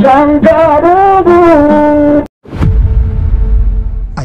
Ganga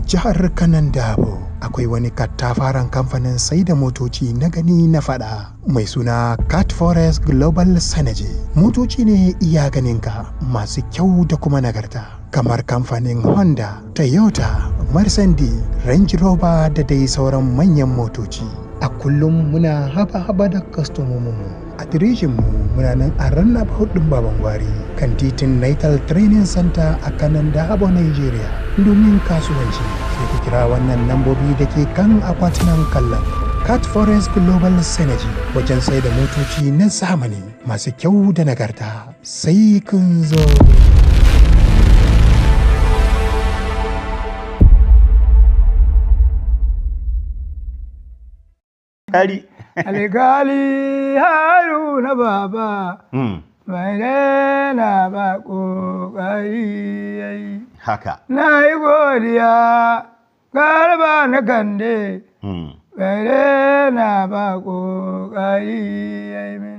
jihar kanan dabo akwai wani kattafaren kamfanin sai da motoci na gani na fada mai suna cat forest global synergy motoci ne iya ganinka masu kyau da kuma nagarta kamar kamfanin honda toyota mercedes range rover da dai sauran manyan motoci a kullum muna haba-haba da kastomominmu a mu muna nan a ranar hudun baban gwari kan titin natal training center a kanan dahabo nigeria domin kasuwanci sai ku kira wannan lambobi da ke kan akwatunan kallon cat forest global synergy wajen sai da motoci na zamani masu kyau da nagarta sai kun zo Ali Gali. haruna baba bai hmm. daina ba ƙoƙari nayi haka na yi godiya garba na kande bai hmm. daina ba ƙoƙari ya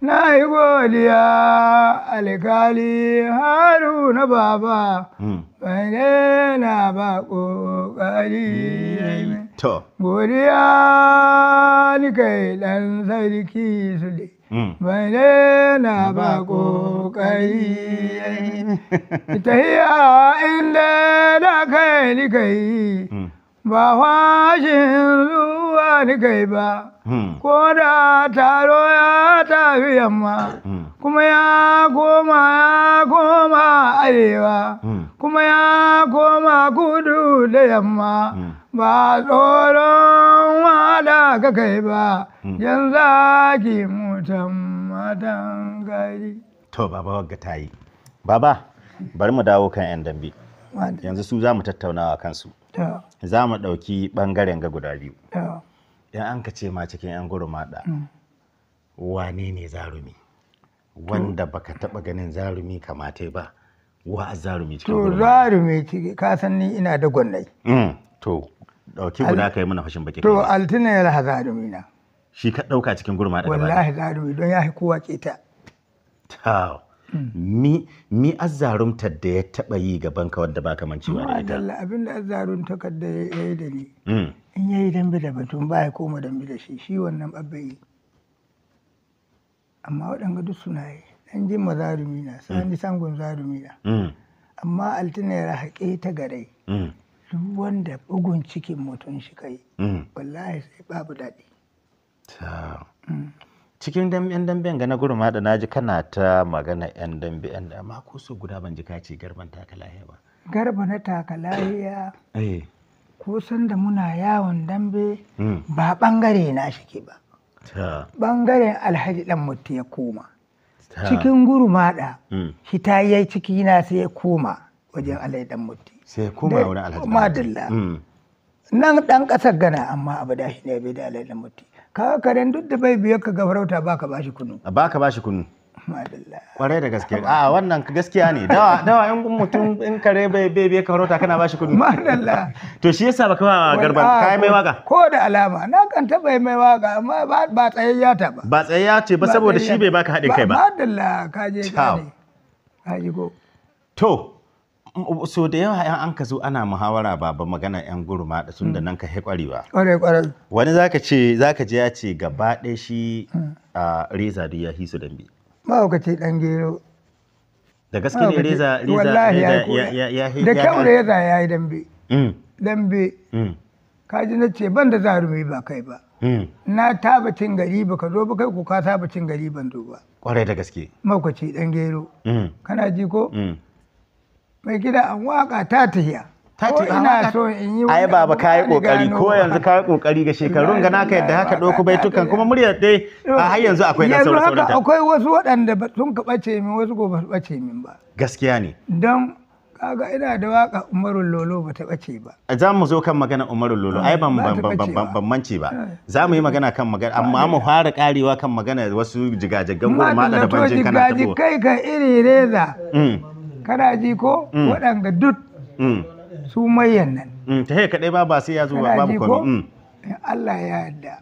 na yi godiya alkali haruna baba bai hmm. na ba kokari hmm. godiya ni kai dan sarki su dai hmm. bai na ba kokari tahiya inda da kai ni kai ba washin zuwa ni kai ba, hmm. ko da taro ya tafi yamma, hmm. kuma ya koma ya koma arewa, hmm. kuma ya koma kudu da yamma, ba tsoron wada ka kai ba, yan zaki mutan matan gari. To, baba wagga ta yi. Baba, bari mu dawo kan 'yan dambe. yanzu su za mu tattaunawa kansu za mu ɗauki ɓangaren ga guda biyu Yan an ka ce ma cikin 'yan gurmaɗa mm. wane ne zarumi wanda baka taɓa ganin zarumi kamata ba wa a zarumi cikin gurmaɗa to zarumi cikin kasan ni ina da gwannai mm, to ɗauki guda ka yi mana fashin baki to altina ya laha zarumi na shi ka ɗauka cikin gurmaɗa wallahi zarumi don ya kowa ke ta mi mi azzarumtar da ya taba yi gaban ka wanda baka mancewa da ita Allah abin da ka da ya yi da ni mm. in ya yi dambe da batun ba ya koma dambe da shi shi wannan yi amma waɗanga duk suna yi ɗan jin ma zarumi na mm. sani sangon zarumi na mm. amma altina haƙe ta garai duk wanda bugun cikin mutum shi kai wallahi sai babu daɗi Cikin yan dambe ga na gurin haɗa na ji kana ta magana yan dambe yan dambe amma ko so guda ban ji ka garban taka lahiya ba. Garba na taka lahiya. Eh. Ko san da muna yawon dambe hmm. ba bangare na shi ke ba. Bangaren Alhaji dan mutu ya koma. Cikin shi hmm. hita yi ciki na sai ya koma wajen Alhaji dan mutu. Sai ya koma wani Alhaji. mutu hmm. Nan dan kasar Gana amma abu da shi ne bai da Alhaji dan mutu. ka karen duk da bai biyar ka gafarauta baka bashi kunu baka bashi kunu kwarai da gaske a wannan gaskiya ne dawa dawa in mutum in kare bai bai biyar ka farauta kana bashi kunu madalla to shi yasa baka ma garba kai mai waka ko da alama na kan taba mai waka amma ba tsayayya ta ba ba tsayayya ce ba saboda shi bai baka haɗin kai ba madalla ka je ka ne ka ji go to so da yawa yan an ka zo ana muhawara ba ba magana yan guruma da sun da mm. nan ka he ba. kware wani zaka ce zaka je ya ce gaba ɗaya shi mm. a reza da ya hisu dambe ma ka ce dan gero da gaske ne reza reza ya ya da kyau reza ya yi dambe mm. dambe ka ji na ce ban da zarumi ba kai ba na taba cin gari ba ka zo ba kai ku ka taba cin gari ban zo ba kwarai da gaske ce dan gero kana ji ko mai gida an waka ta tahiya ko ina so in yi ai baba kai kokari ko yanzu kai kokari ga shekarun ga naka yadda haka doko baitukan kuma muryar dai a har yanzu akwai sauraron ta yanzu akwai wasu waɗanda sun ka bace min wasu ko ba su bace min ba gaskiya ne dan kaga ina da waka Umaru Lolo ba ta bace ba. Za mu zo kan magana Umaru Lolo ai ban ban mance ba. Za mu yi magana kan magana amma mu fara karewa kan magana wasu jigajaggan gurma da banjin kana tabo. Kai ka iri reza. Mm. kana ji ko mm. waɗanga duk mm. su mayan nan mm, ta haka kaɗai ba ba sai ya zo ba babu komai in Allah ya yadda.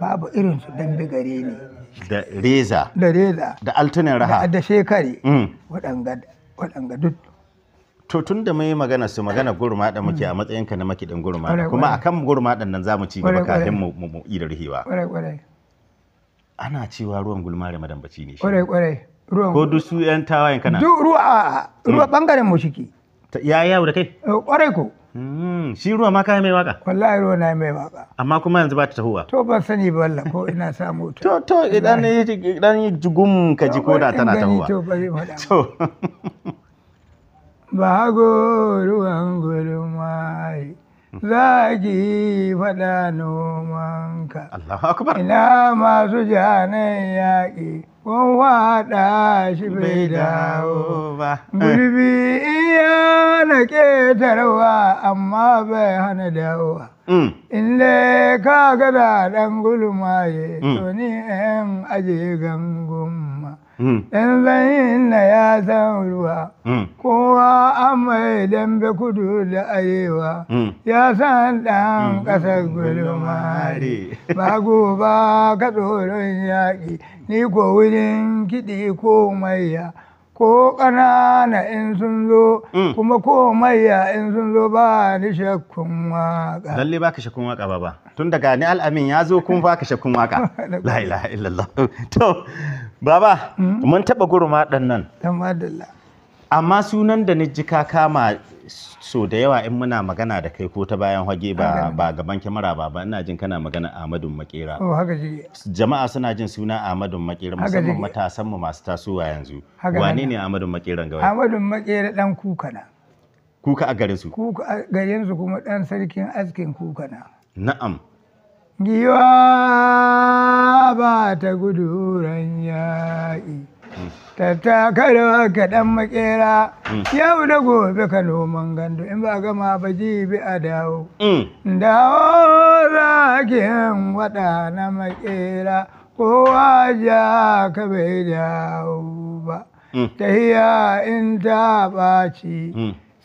babu irin su dambe gare ni da reza da reza da altunan raha da shekari waɗanga duk to tun da mai magana su magana gurma da muke a matsayin ka na makiɗin gurma kuma kan gurma ɗan nan zamu ci gaba kafin mu mu da rihewa ana cewa ruwan gulma da madambaci ne shi ko dusu yan tawayen kana duk ruwa hmm. ruwa bangaren mu shiki ya yawo da kai kwarai eh, ko hmm, shi ruwa ma kai mai waka wallahi ruwa na mai waka amma kuma yanzu ba ta tahowa to ban sani ba wallahi ko ina samu to to idan idan jugum ka ji koda tana tahowa to to ba hago ruwan gulmai zaki faɗa nomanka. Allahu Akbar. Ina masu jahanan yaƙi. kowa waɗa shi bai dawo ba. gurbi iya na ƙetarwa amma bai hana dawowa. Mm. In dai ka gada ɗan gulmaye, mm. to ni in aje ma. ɗan mm. zanyin na ya san ruwa, kowa an mai dambe kudu da arewa, ya san ɗan ƙasar gulmari, ba goba ka tsoron yaƙi. ni ko wurin kiɗi ko maiya Ko ƙanana in sun zo, mm. kuma ko maiya in sun zo ba ni shakkun waƙa. Lalle ba ka shakkun waƙa ba ba. Tun daga ni al'amin ya zo kuma ba ka shakkun waƙa. La ilaha illallah. To, baba, mm. mun taɓa gurma ɗan nan. Amma sunan da ni ji ka kama so da yawa in muna magana da kai ko ta bayan hage ba ba gaban kyamara ba ba ina jin kana magana Ahmadu Makera oh haka ji jama'a suna jin suna Ahmadu Makera musamman matasan mu masu tasowa yanzu wane ne Ahmadu Makera ga Ahmadu Makera dan kuka na kuka a garin su kuka a garin su kuma dan sarkin askin kuka na na'am giwa ba ta gudu ran tattakarwa ka dan makera mm. yau da gobe ka noman gandu in ba gama ba jibi a dawo mm. dawo za ki wada na makera kowa ja ka bai dawo ba mm. tahiya in ta ɓaci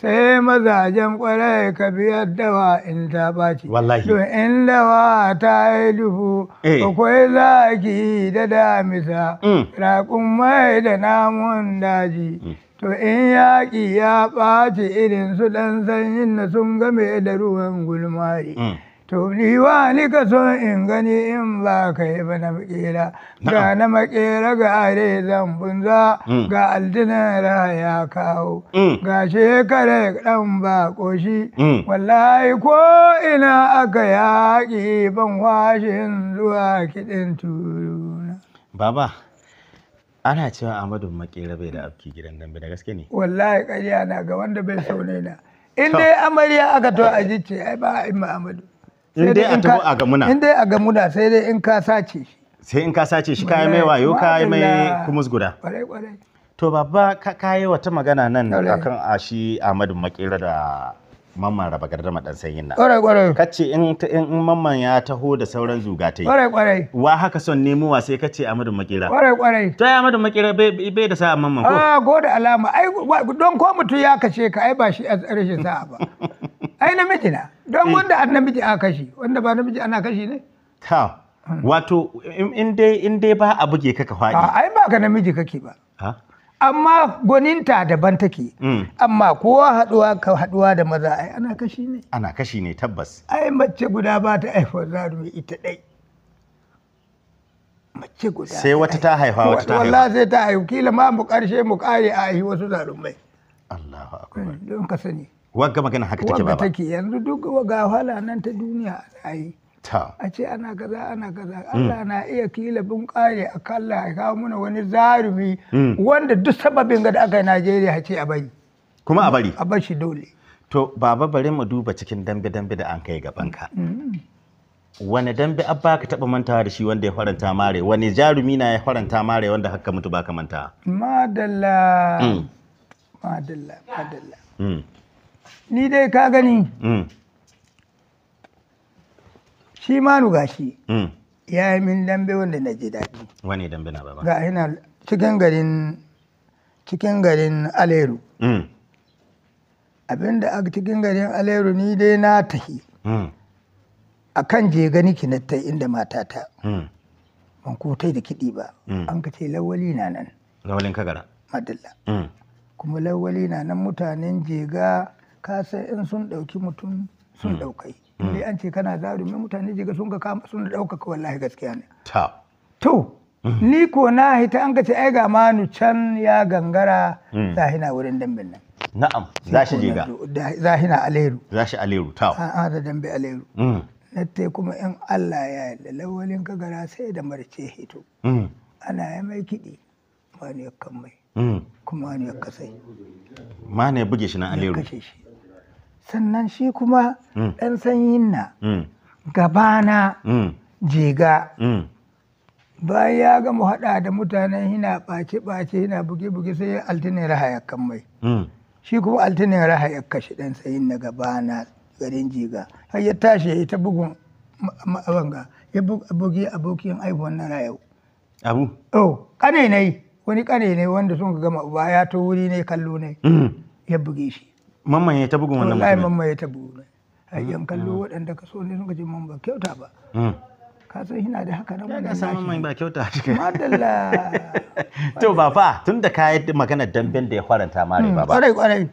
sai mazajen ƙwarai ka biyar dawa in ta ɓaci. Wallahi. Don in dawa ta yi dubu, eh. akwai zaki da damisa, mm. raƙun mai da namun daji. Mm. To in yaƙi ya ɓaci irin su ɗan sanyin na sun game da ruwan gulmari. Mm. To ni wa ni ka so in gani in ba yi ba na makera ga na makera ga are zambunza mm. ga aldinan ya kawo mm. ga shekara dan ba koshi mm. wallahi ko ina aka yaƙi ban washin zuwa kiɗin turuna. Baba ana cewa Ahmadu makera bai da abki gidan dambe da gaske ne. Wallahi ƙarya na ga wanda bai so na. In dai amarya aka to a jice ai ba a Ahmadu. in dai a taho a gamuna in dai a gamuna sai dai in ka sace shi sai in ka sace shi kayi mai wayo kayan mai kumus guda to babba ka yi wata magana nan a kan ashi ah, Ahmadu Makera da mamman raba gardama ɗan sanyin nan kwarai kwarai kace in in mamman ya taho da sauran zugatai kwarai kwarai wa haka son nemo wa sai kace Ahmadu Makera kwarai kwarai to ya Ahmadu Makera bai da sa'a mamman ko a ah, gode da alama ai don ko mutum ya kace ka ai ba shi rashin sa'a ba ai namiji na don mm. wanda an namiji a kashi wanda ba namiji ana kashi ne ta mm. wato in dai in dai ba a buge kaka ka faɗi ai ba ka namiji kake ba amma gwaninta daban take mm. amma kowa haduwa ka haduwa da maza ai ana kashi ne ana kashi ne tabbas ai mace guda ba ta haifa zaru ita dai mace guda sai wata ta haifa wata ta haifa wallahi sai ta haifa kila ma mu karshe mu kare a yi wasu zarumai Allahu akbar eh, don ka sani wagga magana haka take ba take yanzu duk ga wahala nan ta duniya a ta a ce ana kaza ana kaza mm. Allah na iya kila bin kare kalla ya kawo muna wani zarumi mm. wanda duk sababin ga da aka yi Najeriya a ce a bari kuma a bari a bar shi dole to baba bari mu duba cikin dambe dambe da an kai gaban ka mm. wani dambe abba ka taba mantawa da shi wanda ya faranta mare wani jarumi na ya faranta mare wanda haka mutu baka mantawa madalla madalla madalla ni dai ka gani mm. shi manu shi mm. ya yi min dambe wanda na ji daɗi wani dambe na baba ga yana cikin garin cikin garin aleru mm. abinda a cikin garin aleru ni dai na tahi a kan je gani ta inda matata ban kotai da kiɗi ba an ka ce lawali na nan lawalin kagara madalla kuma lawali na nan mutanen jega ka sai in sun ɗauki mutum sun hmm. ɗaukai hmm. dai an ce kana zarumi mutane jiga sun ka kama sun ɗaukaka wallahi gaskiya ne to hmm. ni ko na hita an ka ce ai ga manu can ya gangara zahina wurin dambin nan na'am za shi jiga zahina aleru za shi aleru ta an da dambe aleru na te kuma in Allah ya yarda lawalin ka gara sai da marce hito ana ya mai kiɗi wani ya kan mai kuma wani ya kasai ma ne buge shi na aleru sannan shi kuma mm. ɗan sanyin na mm. gabana mm. jega bayan ya gama haɗa da mutanen hina ɓace-ɓace hina buge-buge sai ya altinin raha kan mai shi kuma altinin raha ya kashe ɗan sanyin na gabana garin jiga har ya tashi ya ta bugun ma'abanga ya bugi abokin aibuwan na rayu abu oh kane ne wani kane ne wanda sun gama ba ya to wuri ne kallo ne ya buge shi mamman ya ta bugun wannan mutumin wallahi mamman ya ta bugun ayyan mm. kallo mm. waɗanda ka so ne sun ce mamman ba kyauta ba mm. ka san ina da haka nan ka san mamman ba kyauta cikin madalla to ba fa tunda ka yi magana damben da ya faranta mare ba ba kwarai kwarai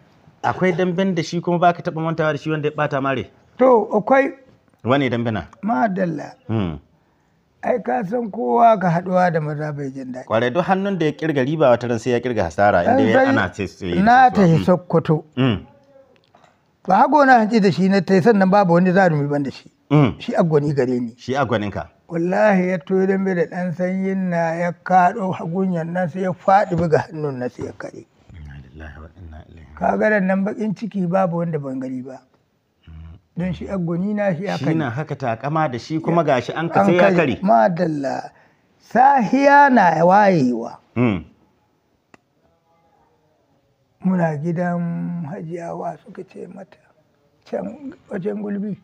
akwai damben da shi kuma baka taba mantawa da shi wanda ya bata mare to akwai wani dambena madalla ai ka san kowa ka haduwa da maza bai jin daɗi kwarai duk hannun da ya kirga riba wata ran sai ya kirga hasara inda ana ce na ta kwato. ba a na hanci da shi na yi sannan babu wani zarumi ban da shi mm. shi gwani gare ni shi gwanin ka wallahi ya toyo dambe da dan sanyin na ya kaɗo hagunyan nan sai ya faɗi buga hannun na sai ya kare ka ga nan bakin ciki babu wanda ban gari ba mm. don shi gwani na shi a kare shi na haka takama da shi kuma gashi an ka sai ya kare madalla sahiya na wayewa mm. muna gidan hajiyawa suka ce mata can wajen gulbi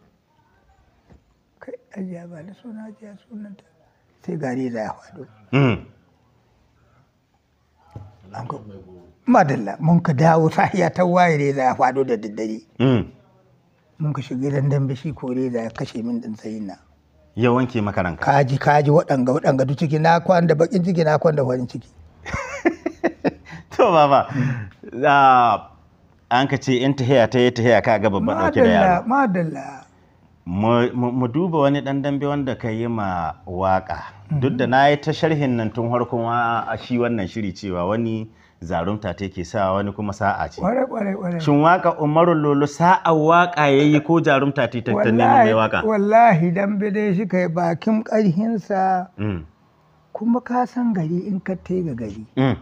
kai hajiya ba da suna hajiya sunanta sai gari za ya faɗo hmm. madalla mun ka dawo sahiya ta waye reza ya faɗo da daddare hmm. mun ka shiga gidan dambe shi ko za ya kashe min din tsayin na ya wanke maka ranka kaji kaji waɗanga waɗanga duk ciki na kwan da bakin ciki na kwan da farin ciki to baba hmm. an ka ce in tahiya ta yi tahiya ka ga babban ɗauke da yaro madalla mu duba wani ɗan dambe wanda ka yi ma waka mhm. duk da na yi ta sharhin nan tun wa a shi wannan shiri cewa wani zarumta ta ke sa wani kuma sa'a ce shin waka umaru lolo sa'a waka ya yi ko zarumta ta ta mai waka. wallahi dambe dai shi kai bakin ƙarhinsa mm. kuma ka san gari in ka te ga gari mm.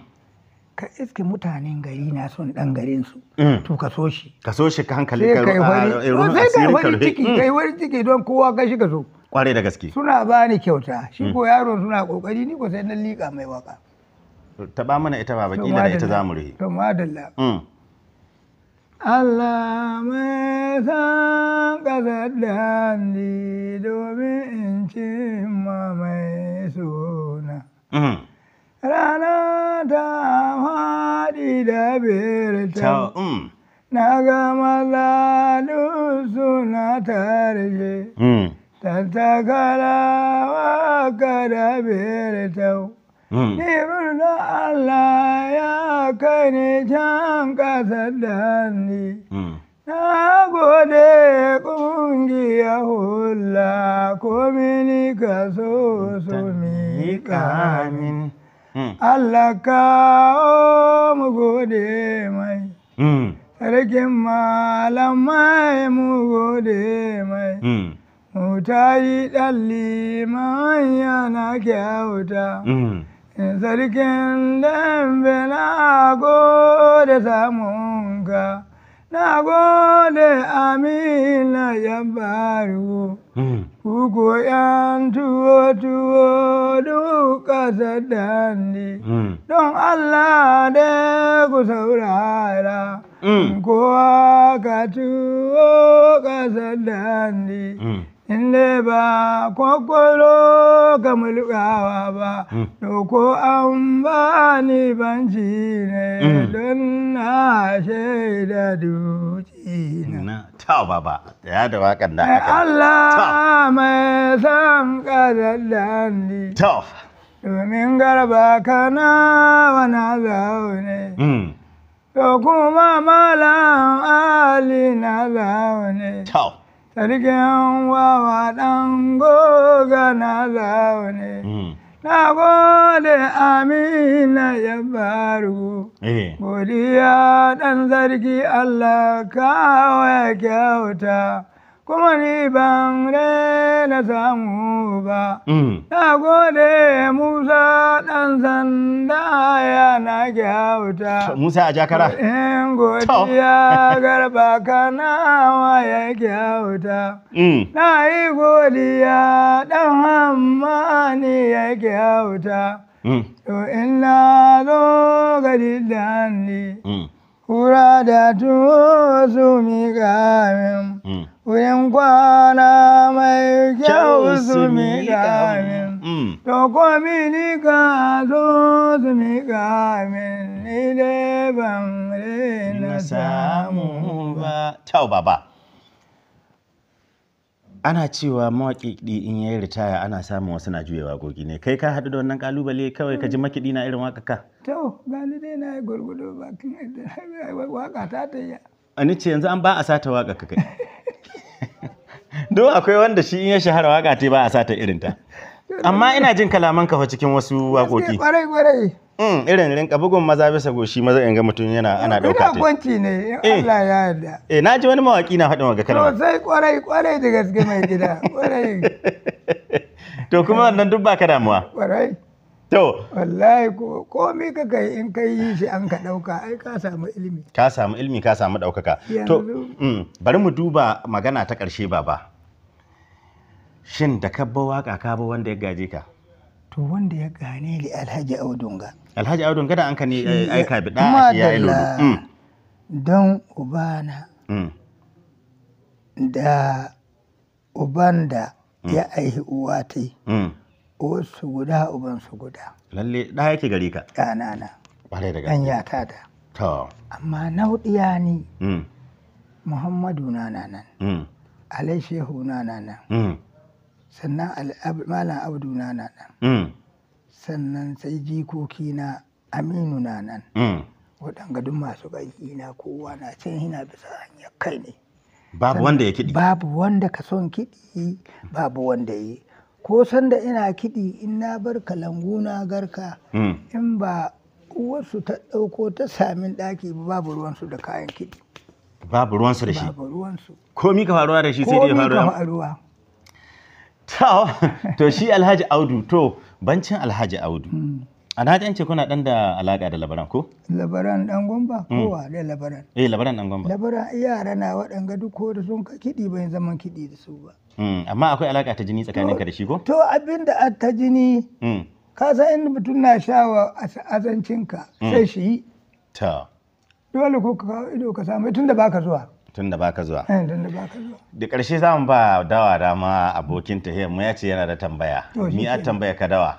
ka iske mutanen gari na son dan garin su mm. to ka so shi ka so shi ka hankali ka ruwa sai ka wani ciki mm. kai wani ciki don kowa ka shi ka so kware da gaske suna bani kyauta shi mm. ko yaro suna kokari ni ko sai na liƙa mai waka ba mana ita ba kila da ita zamu rihi to madalla Allah mai san ƙasar da hannu domin in ma mai suna. Rana ta faɗi da birta, mm. na ga malladu suna tarje, mm. tattakala waka da birta. Mm. Nirun da Allah ya kai ni can ƙasar da ni. Na gode ƙungiya hula, ko mini ka so su mi kamin. Hmm. Allah kawo mu gode mai hmm. sarkin malamai mu gode mai hmm. mu tayi ɗan liman yana kyauta sarkin dambe na gode samunka na gode amina ya baro Ugoyan tuwo-tuwo duk ƙasar da mm. don Allah dai ku saurara. Mm. Kowa ka tuwo mm. In ba kwakwaro ka ba, doko an ba ni ne, don na shaida ta baba ya da wakan da aka Allah mai san kadallani to domin garba kana wana zaune mm. to kuma malam ali na zaune to sarkin wawa dan goga na zaune mm. Na gode Amina ya faru. Eh. Godiya ɗan zargi Allah kawai kyauta. kuma ni ban na samu ba. Mm. Na gode Musa ɗan sanda yana kyauta. Musa a jakara. In godiya garba kanawa ya kyauta. Mm. Na yi godiya ɗan hammani ya kyauta. Mm. To in na zo gari da ni. Kura da tuwo su mi kamin. wurin kwana mai kyau su miƙa min. Mm. To komi ni ka zo su miƙa min ni dai ban na samu ba. Tau baba. Ana cewa mawaƙi in ya yi ritaya ana samun wasu na juya waƙoƙi ne. Kai ka haɗu da wannan ƙalubale kawai ka ji mm. makiɗi na irin waƙa ka? To, gani dai na yi gurgudu bakin waƙa ta ta yi. Ani ce yanzu an ba a sata waƙa ka kai. don akwai wanda shi in ya shahara waka te ba a sata irin ta amma ina jin kalaman kafa cikin wasu wakoki kwarai kwarai mm irin rinka bugun maza bisa goshi maza in ga mutum yana ana dauka ta gwanci ne eh. Allah ya yarda eh ji wani mawaƙi na faɗin waga kalma sai kwarai kwarai da gaske mai gida kwarai to kuma wannan duk ka damuwa kwarai To. Wallahi ko komi ka kai in ka yi shi an ka ɗauka ai ka samu ilimi. Ka samu ilimi ka samu ɗaukaka. To mm, bari mu duba magana ta ƙarshe baba. shin da ka ba waka ka ba wanda ya gaje ka to wanda ya gane li alhaji audunga alhaji audunga da an ka ne eh, aika bi da ya yi lulu mm. don ubana mm. da uban da mm. ya aihi uwa wasu guda uban su guda lalle da yake gari ka ɗanana ƙwarai da gaske yata da to amma nauɗiya ni muhammadu na nan alai shehu na nan sannan malam abdu na nan mm. sannan sai jikoki na aminu na nan mm. waɗanga duk masu baki na kowa na can hina bisa hanyar kai ne babu wanda ya kiɗi babu wanda ka son kiɗi babu wanda ya ko sanda ina kiɗi in na bar kalangu na garka mm. in ba uwarsu ta ɗauko ta samin ɗaki ba babu ruwansu da kayan kiɗi babu ruwansu da shi babu ruwansu komi ka faruwa da shi sai dai ya faruwa to shi alhaji audu to bancin alhaji audu hmm. alhaji an ce kuna dan da alaƙa da labaran ko labaran dan gomba hmm. kowa da labaran eh labaran ɗan gwamba. labaran yara na waɗanga duk ko da sun ka kiɗi bai zaman kiɗi da su ba hmm. amma akwai alaƙa ta jini tsakanin ka da shi ko to abin da ta jini ka san in mutum na sha wa azancinka. sai shi yi ta dole ko ka ido ka samu tunda baka zuwa tun da baka zuwa eh, tun da baka zuwa da ƙarshe za mu ba dawa dama abokin tahiyar mu ya ce yana da tambaya ni a tambaya ka dawa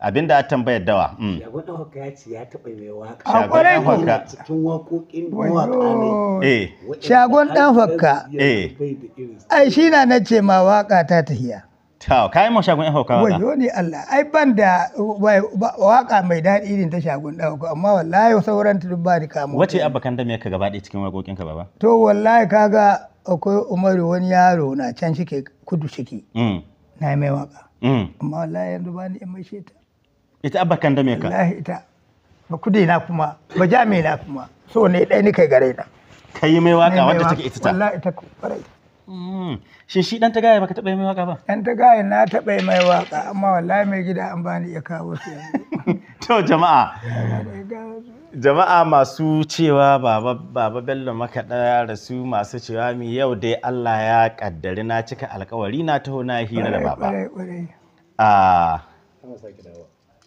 abin da a tambaya dawa ya gwada haka ya ce ya taɓa mai waka shagon ɗan haka cikin waƙoƙin waƙa ne shagon ɗan haka ai shi na nace ma waƙa ta tahiya ka kayan mawa shagun ɗan hauka. Wayo Wani Allah, ai ban da waƙa mai daɗi irin ta shagun ɗan hauka, amma wallahi sauran ta ba ni kamo. Wace abba kan dame ka gaba cikin waƙoƙin ka baba? To wallahi kaga akwai Umaru wani yaro na can shike kudu shike. Mm. Na yi mai waƙa. Mm. Amma wallahi yanzu ba ni mai sheta. Ita abba kan dame ka? Wallahi ita. Ba kudi na kuma, ba jami na kuma. So ne ɗaya ni kai gare na. Kai mai waƙa wadda take ita ta. Wallahi ita kwarai. Mm. Shin shi ɗan tagaya baka taɓa yi mai waka ba? Ɗan tagaya na taɓa yi mai waka amma wallahi mai gida an bani ya kawo su To jama'a. Jama'a masu cewa baba baba Bello makaɗa rasu masu cewa mi yau dai Allah ya kaddari na cika alkawari na taho na hira da baba. inshaAllah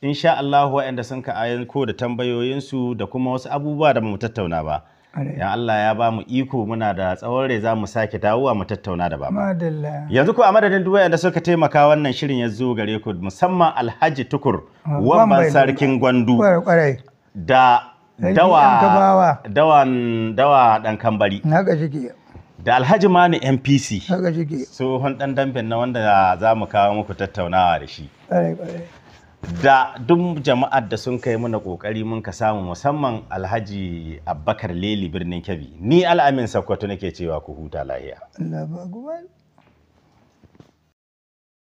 Insha Allah waɗanda sun ka ayan ko da tambayoyinsu da kuma wasu abubuwa da mu tattauna ba. ya Allah ya ba mu iko muna da tsawon rai za mu sake dawowa mu tattauna da baba yanzu ku a madadin duwayen da suka taimaka wannan shirin ya zo gare ku musamman alhaji tukur ah, wamban sarkin gwandu da dawa dawan kambari da alhaji mani mpc tsohon dan dambe na wanda za mu kawo muku tattaunawa da shi da duk jama'ar da sun kai mana kokari mun ka samu musamman alhaji abbakar leli birnin kebbi ni al'amin sakwato nake cewa ku huta lahiya